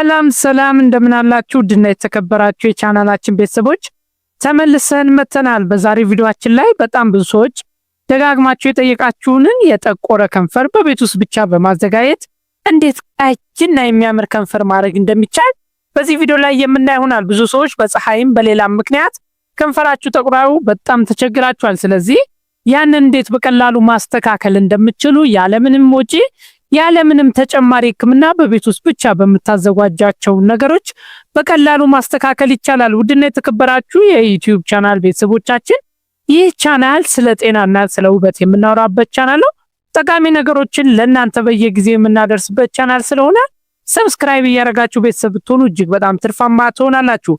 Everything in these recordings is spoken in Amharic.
ሰላም ሰላም እንደምናላችሁ ድና የተከበራችሁ የቻናላችን ቤተሰቦች ተመልሰን መተናል። በዛሬ ቪዲዮአችን ላይ በጣም ብዙ ሰዎች ደጋግማችሁ የጠየቃችሁንን የጠቆረ ከንፈር በቤት ውስጥ ብቻ በማዘጋጀት እንዴት ና የሚያምር ከንፈር ማድረግ እንደሚቻል በዚህ ቪዲዮ ላይ የምናይ ይሆናል። ብዙ ሰዎች በፀሐይም በሌላም ምክንያት ከንፈራችሁ ጠቁራዩ በጣም ተቸግራችኋል። ስለዚህ ያንን እንዴት በቀላሉ ማስተካከል እንደምችሉ ያለምንም ወጪ ያለምንም ተጨማሪ ሕክምና በቤት ውስጥ ብቻ በምታዘጋጃቸው ነገሮች በቀላሉ ማስተካከል ይቻላል። ውድና የተከበራችሁ የዩቲዩብ ቻናል ቤተሰቦቻችን ይህ ቻናል ስለ ጤናና ስለ ውበት የምናወራበት ቻናል ነው። ጠቃሚ ነገሮችን ለእናንተ በየጊዜ የምናደርስበት ቻናል ስለሆነ ሰብስክራይብ እያደረጋችሁ ቤተሰብ ብትሆኑ እጅግ በጣም ትርፋማ ትሆናላችሁ።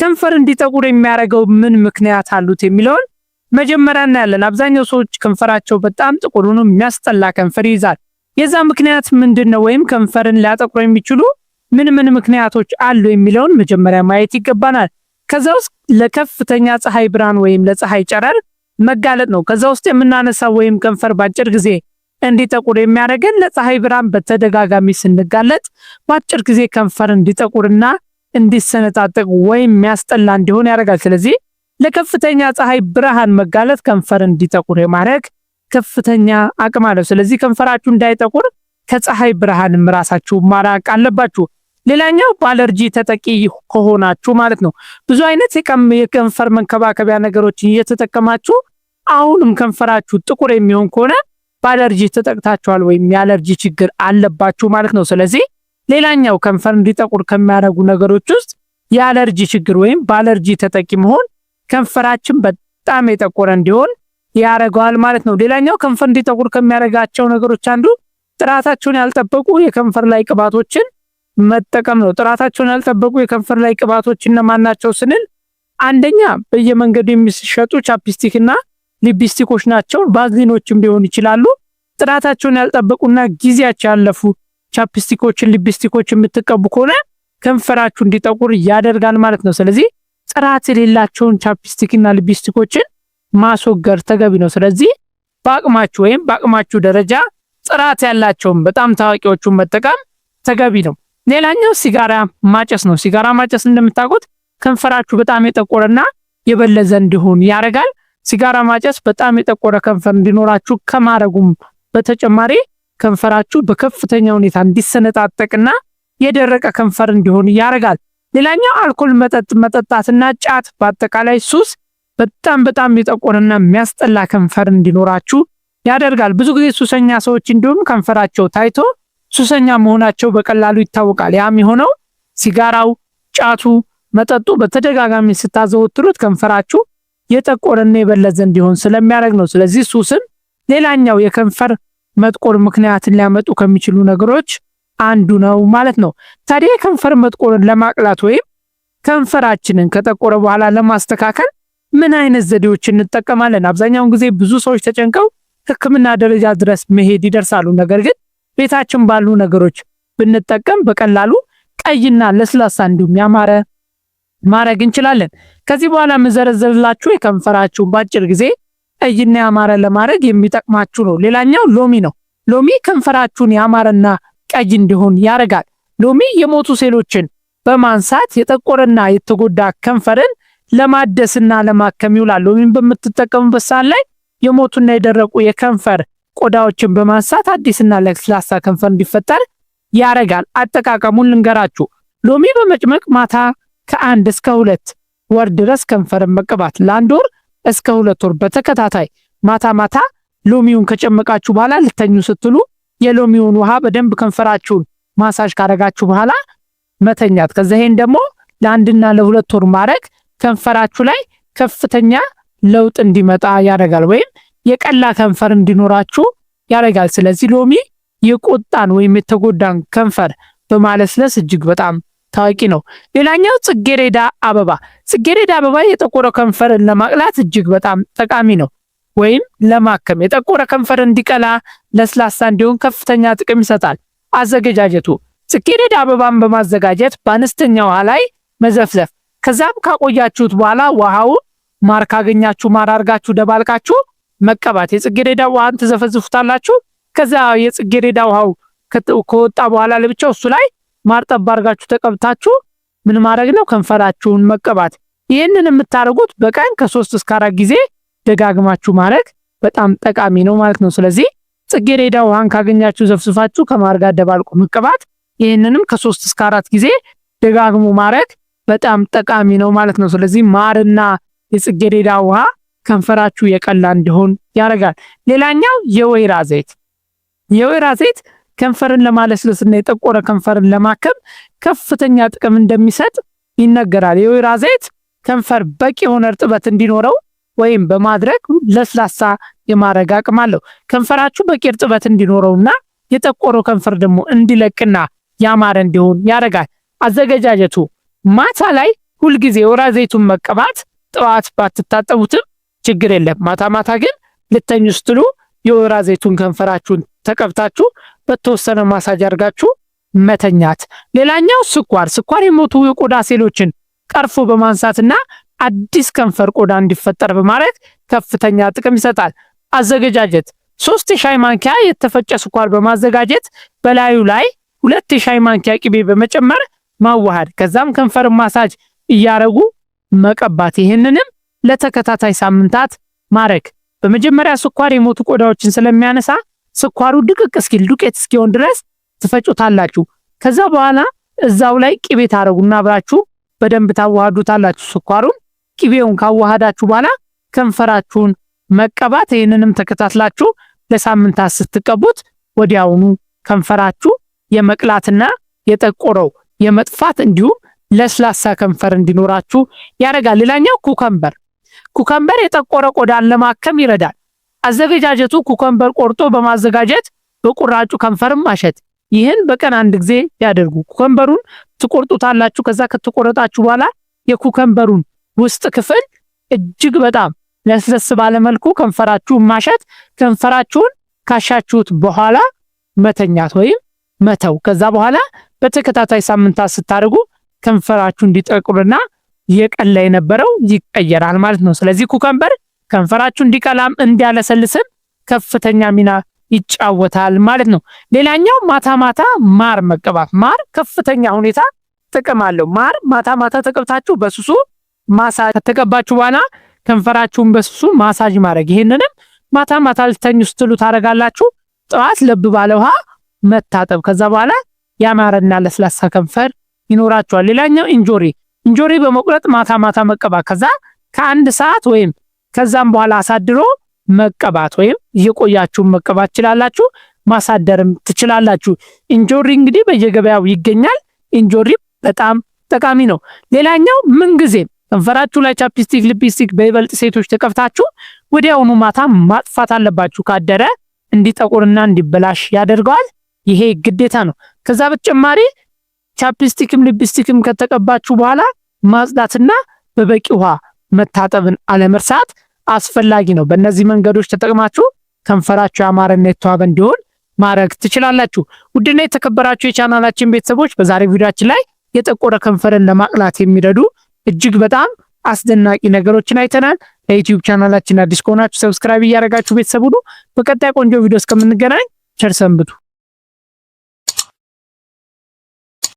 ከንፈር እንዲጠቁር የሚያደርገው ምን ምክንያት አሉት የሚለውን መጀመሪያ እናያለን። አብዛኛው ሰዎች ከንፈራቸው በጣም ጥቁር ሆኖ የሚያስጠላ ከንፈር ይይዛል። የዛ ምክንያት ምንድን ነው ወይም ከንፈርን ሊያጠቁሩ የሚችሉ ምን ምን ምክንያቶች አሉ የሚለውን መጀመሪያ ማየት ይገባናል። ከዛ ውስጥ ለከፍተኛ ፀሐይ ብርሃን ወይም ለፀሐይ ጨረር መጋለጥ ነው። ከዛ ውስጥ የምናነሳው ወይም ከንፈር በአጭር ጊዜ እንዲጠቁር የሚያደርገን ለፀሐይ ብርሃን በተደጋጋሚ ስንጋለጥ በአጭር ጊዜ ከንፈር እንዲጠቁርና እንዲሰነጣጠቅ ወይም የሚያስጠላ እንዲሆን ያደርጋል። ስለዚህ ለከፍተኛ ፀሐይ ብርሃን መጋለጥ ከንፈር እንዲጠቁር የማድረግ ከፍተኛ አቅም አለው። ስለዚህ ከንፈራችሁ እንዳይጠቁር ከፀሐይ ብርሃንም ራሳችሁ ማራቅ አለባችሁ። ሌላኛው በአለርጂ ተጠቂ ከሆናችሁ ማለት ነው። ብዙ አይነት የከንፈር መንከባከቢያ ነገሮችን እየተጠቀማችሁ አሁንም ከንፈራችሁ ጥቁር የሚሆን ከሆነ በአለርጂ ተጠቅታችኋል ወይም የአለርጂ ችግር አለባችሁ ማለት ነው። ስለዚህ ሌላኛው ከንፈር እንዲጠቁር ከሚያደርጉ ነገሮች ውስጥ የአለርጂ ችግር ወይም በአለርጂ ተጠቂ መሆን ከንፈራችን በጣም የጠቆረ እንዲሆን ያደርገዋል ማለት ነው። ሌላኛው ከንፈር እንዲጠቁር ከሚያደርጋቸው ነገሮች አንዱ ጥራታቸውን ያልጠበቁ የከንፈር ላይ ቅባቶችን መጠቀም ነው። ጥራታቸውን ያልጠበቁ የከንፈር ላይ ቅባቶች እነማን ናቸው ስንል አንደኛ በየመንገዱ የሚሸጡ ቻፕስቲክና ሊፕስቲኮች ናቸው። ባዝሊኖችም ሊሆኑ ይችላሉ። ጥራታቸውን ያልጠበቁና ጊዜያቸው ያለፉ ቻፕስቲኮችን፣ ሊፕስቲኮች የምትቀቡ ከሆነ ከንፈራችሁ እንዲጠቁር ያደርጋል ማለት ነው። ስለዚህ ጥራት የሌላቸውን ቻፕስቲክና ሊፕስቲኮችን ማስወገድ ተገቢ ነው። ስለዚህ በአቅማችሁ ወይም በአቅማችሁ ደረጃ ጥራት ያላቸውን በጣም ታዋቂዎቹን መጠቀም ተገቢ ነው። ሌላኛው ሲጋራ ማጨስ ነው። ሲጋራ ማጨስ እንደምታውቁት ከንፈራችሁ በጣም የጠቆረና የበለዘ እንዲሆን ያደርጋል። ሲጋራ ማጨስ በጣም የጠቆረ ከንፈር እንዲኖራችሁ ከማድረጉም በተጨማሪ ከንፈራችሁ በከፍተኛ ሁኔታ እንዲሰነጣጠቅና የደረቀ ከንፈር እንዲሆን ያደርጋል። ሌላኛው አልኮል መጠጥ መጠጣትና ጫት በአጠቃላይ ሱስ በጣም በጣም የጠቆረና የሚያስጠላ ከንፈር እንዲኖራችሁ ያደርጋል። ብዙ ጊዜ ሱሰኛ ሰዎች እንዲሁም ከንፈራቸው ታይቶ ሱሰኛ መሆናቸው በቀላሉ ይታወቃል። ያም የሆነው ሲጋራው፣ ጫቱ፣ መጠጡ በተደጋጋሚ ስታዘወትሩት ከንፈራችሁ የጠቆረና የበለዘ እንዲሆን ስለሚያደርግ ነው። ስለዚህ ሱስም ሌላኛው የከንፈር መጥቆር ምክንያትን ሊያመጡ ከሚችሉ ነገሮች አንዱ ነው ማለት ነው። ታዲያ የከንፈር መጥቆርን ለማቅላት ወይም ከንፈራችንን ከጠቆረ በኋላ ለማስተካከል ምን አይነት ዘዴዎች እንጠቀማለን? አብዛኛውን ጊዜ ብዙ ሰዎች ተጨንቀው ሕክምና ደረጃ ድረስ መሄድ ይደርሳሉ። ነገር ግን ቤታችን ባሉ ነገሮች ብንጠቀም በቀላሉ ቀይና ለስላሳ እንዲሁም ያማረ ማድረግ እንችላለን። ከዚህ በኋላ የምዘረዝርላችሁ የከንፈራችሁን በአጭር ጊዜ ቀይና ያማረ ለማድረግ የሚጠቅማችሁ ነው። ሌላኛው ሎሚ ነው። ሎሚ ከንፈራችሁን ያማረና ቀይ እንዲሆን ያደርጋል። ሎሚ የሞቱ ሴሎችን በማንሳት የጠቆረና የተጎዳ ከንፈርን ለማደስና ለማከም ይውላሉ። ወይም በምትጠቀሙበት ሰዓት ላይ የሞቱና የደረቁ የከንፈር ቆዳዎችን በማንሳት አዲስና ለስላሳ ከንፈር እንዲፈጠር ያረጋል። አጠቃቀሙን ልንገራችሁ። ሎሚ በመጭመቅ ማታ ከአንድ እስከ ሁለት ወር ድረስ ከንፈርን መቀባት፣ ለአንድ ወር እስከ ሁለት ወር በተከታታይ ማታ ማታ ሎሚውን ከጨመቃችሁ በኋላ ልተኙ ስትሉ የሎሚውን ውሃ በደንብ ከንፈራችሁን ማሳጅ ካረጋችሁ በኋላ መተኛት። ከዚያ ደግሞ ለአንድና ለሁለት ወር ማድረግ ከንፈራችሁ ላይ ከፍተኛ ለውጥ እንዲመጣ ያደርጋል፣ ወይም የቀላ ከንፈር እንዲኖራችሁ ያደርጋል። ስለዚህ ሎሚ የቆጣን ወይም የተጎዳን ከንፈር በማለስለስ እጅግ በጣም ታዋቂ ነው። ሌላኛው ጽጌሬዳ አበባ። ጽጌሬዳ አበባ የጠቆረ ከንፈርን ለማቅላት እጅግ በጣም ጠቃሚ ነው፣ ወይም ለማከም የጠቆረ ከንፈር እንዲቀላ፣ ለስላሳ እንዲሆን ከፍተኛ ጥቅም ይሰጣል። አዘገጃጀቱ ጽጌሬዳ አበባን በማዘጋጀት በአነስተኛ ውሃ ላይ መዘፍዘፍ ከዛም ካቆያችሁት በኋላ ውሃውን ማር ካገኛችሁ ማር አድርጋችሁ ደባልቃችሁ መቀባት የጽጌሬዳ ውሃን ትዘፈዝፉታላችሁ። ከዛ የጽጌሬዳ ውሃው ከወጣ በኋላ ለብቻው እሱ ላይ ማር ጠብ አርጋችሁ ተቀብታችሁ ምን ማድረግ ነው ከንፈራችሁን መቀባት። ይህንን የምታደርጉት በቀን ከሶስት እስከ አራት ጊዜ ደጋግማችሁ ማድረግ በጣም ጠቃሚ ነው ማለት ነው። ስለዚህ ጽጌሬዳ ውሃን ካገኛችሁ ዘፍዝፋችሁ ከማር ጋር ደባልቁ መቀባት። ይህንንም ከሶስት እስከ አራት ጊዜ ደጋግሙ ማድረግ በጣም ጠቃሚ ነው ማለት ነው። ስለዚህ ማርና የጽጌሬዳ ውሃ ከንፈራችሁ የቀላ እንዲሆን ያደርጋል። ሌላኛው የወይራ ዘይት፣ የወይራ ዘይት ከንፈርን ለማለስለስና የጠቆረ ከንፈርን ለማከም ከፍተኛ ጥቅም እንደሚሰጥ ይነገራል። የወይራ ዘይት ከንፈር በቂ የሆነ እርጥበት እንዲኖረው ወይም በማድረግ ለስላሳ የማድረግ አቅም አለው። ከንፈራችሁ በቂ እርጥበት እንዲኖረውና የጠቆረው ከንፈር ደግሞ እንዲለቅና ያማረ እንዲሆን ያደርጋል። አዘገጃጀቱ ማታ ላይ ሁልጊዜ ወይራ ዘይቱን መቀባት ጠዋት ባትታጠቡትም ችግር የለም። ማታ ማታ ግን ልተኙ ስትሉ የወይራ ዘይቱን ከንፈራችሁን ተቀብታችሁ በተወሰነ ማሳጅ አድርጋችሁ መተኛት። ሌላኛው ስኳር፣ ስኳር የሞቱ የቆዳ ሴሎችን ቀርፎ በማንሳትና አዲስ ከንፈር ቆዳ እንዲፈጠር በማድረግ ከፍተኛ ጥቅም ይሰጣል። አዘገጃጀት፣ ሶስት የሻይ ማንኪያ የተፈጨ ስኳር በማዘጋጀት በላዩ ላይ ሁለት የሻይ ማንኪያ ቅቤ በመጨመር ማዋሃድ ከዛም ከንፈር ማሳጅ እያረጉ መቀባት። ይህንንም ለተከታታይ ሳምንታት ማድረግ በመጀመሪያ ስኳር የሞቱ ቆዳዎችን ስለሚያነሳ ስኳሩ ድቅቅ እስኪል ዱቄት እስኪሆን ድረስ ትፈጩታላችሁ። ከዛ በኋላ እዛው ላይ ቅቤ ታረጉና አብራችሁ በደንብ ታዋሃዱታላችሁ። ስኳሩን ቅቤውን ካዋሃዳችሁ በኋላ ከንፈራችሁን መቀባት። ይህንንም ተከታትላችሁ ለሳምንታት ስትቀቡት ወዲያውኑ ከንፈራችሁ የመቅላትና የጠቆረው የመጥፋት እንዲሁም ለስላሳ ከንፈር እንዲኖራችሁ ያደርጋል። ሌላኛው ኩከምበር፣ ኩከምበር የጠቆረ ቆዳን ለማከም ይረዳል። አዘገጃጀቱ ኩከምበር ቆርጦ በማዘጋጀት በቁራጩ ከንፈርም ማሸት። ይህን በቀን አንድ ጊዜ ያደርጉ። ኩከምበሩን ትቆርጡታላችሁ። ከዛ ከተቆረጣችሁ በኋላ የኩከምበሩን ውስጥ ክፍል እጅግ በጣም ለስለስ ባለመልኩ ከንፈራችሁን ማሸት፣ ከንፈራችሁን ካሻችሁት በኋላ መተኛት ወይም መተው። ከዛ በኋላ በተከታታይ ሳምንታት ስታደርጉ ከንፈራችሁ እንዲጠቁርና የቀላ የነበረው ይቀየራል ማለት ነው። ስለዚህ ኩከምበር ከንፈራችሁ እንዲቀላም እንዲያለሰልስም ከፍተኛ ሚና ይጫወታል ማለት ነው። ሌላኛው ማታ ማታ ማር መቀባት፣ ማር ከፍተኛ ሁኔታ ጥቅም አለው። ማር ማታ ማታ ተቀብታችሁ በሱሱ ማሳጅ ከተቀባችሁ በኋላ ከንፈራችሁን በሱሱ ማሳጅ ማድረግ፣ ይህንንም ማታ ማታ ልተኙ ስትሉ ታደርጋላችሁ። ጠዋት ለብ ባለ ውሃ መታጠብ፣ ከዛ በኋላ ያማረና ለስላሳ ከንፈር ይኖራቸዋል። ሌላኛው እንጆሪ እንጆሪ በመቁረጥ ማታ ማታ መቀባት ከዛ ከአንድ ሰዓት ወይም ከዛም በኋላ አሳድሮ መቀባት ወይም እየቆያችሁ መቀባት ትችላላችሁ። ማሳደርም ትችላላችሁ። እንጆሪ እንግዲህ በየገበያው ይገኛል። እንጆሪ በጣም ጠቃሚ ነው። ሌላኛው ምንጊዜም ከንፈራችሁ ላይ ቻፕስቲክ፣ ሊፕስቲክ በይበልጥ ሴቶች ተቀብታችሁ ወዲያውኑ ማታ ማጥፋት አለባችሁ። ካደረ እንዲጠቁርና እንዲበላሽ ያደርገዋል። ይሄ ግዴታ ነው። ከዛ በተጨማሪ ቻፕስቲክም ሊፕስቲክም ከተቀባችሁ በኋላ ማጽዳትና በበቂ ውሃ መታጠብን አለመርሳት አስፈላጊ ነው። በእነዚህ መንገዶች ተጠቅማችሁ ከንፈራችሁ ያማረና የተዋበ እንዲሆን ማድረግ ትችላላችሁ። ውድና የተከበራችሁ የቻናላችን ቤተሰቦች በዛሬ ቪዲዮችን ላይ የጠቆረ ከንፈርን ለማቅላት የሚረዱ እጅግ በጣም አስደናቂ ነገሮችን አይተናል። ለዩትዩብ ቻናላችን አዲስ ከሆናችሁ ሰብስክራይብ እያደረጋችሁ ቤተሰብ ሁሉ በቀጣይ ቆንጆ ቪዲዮ እስከምንገናኝ ቸር ሰንብቱ።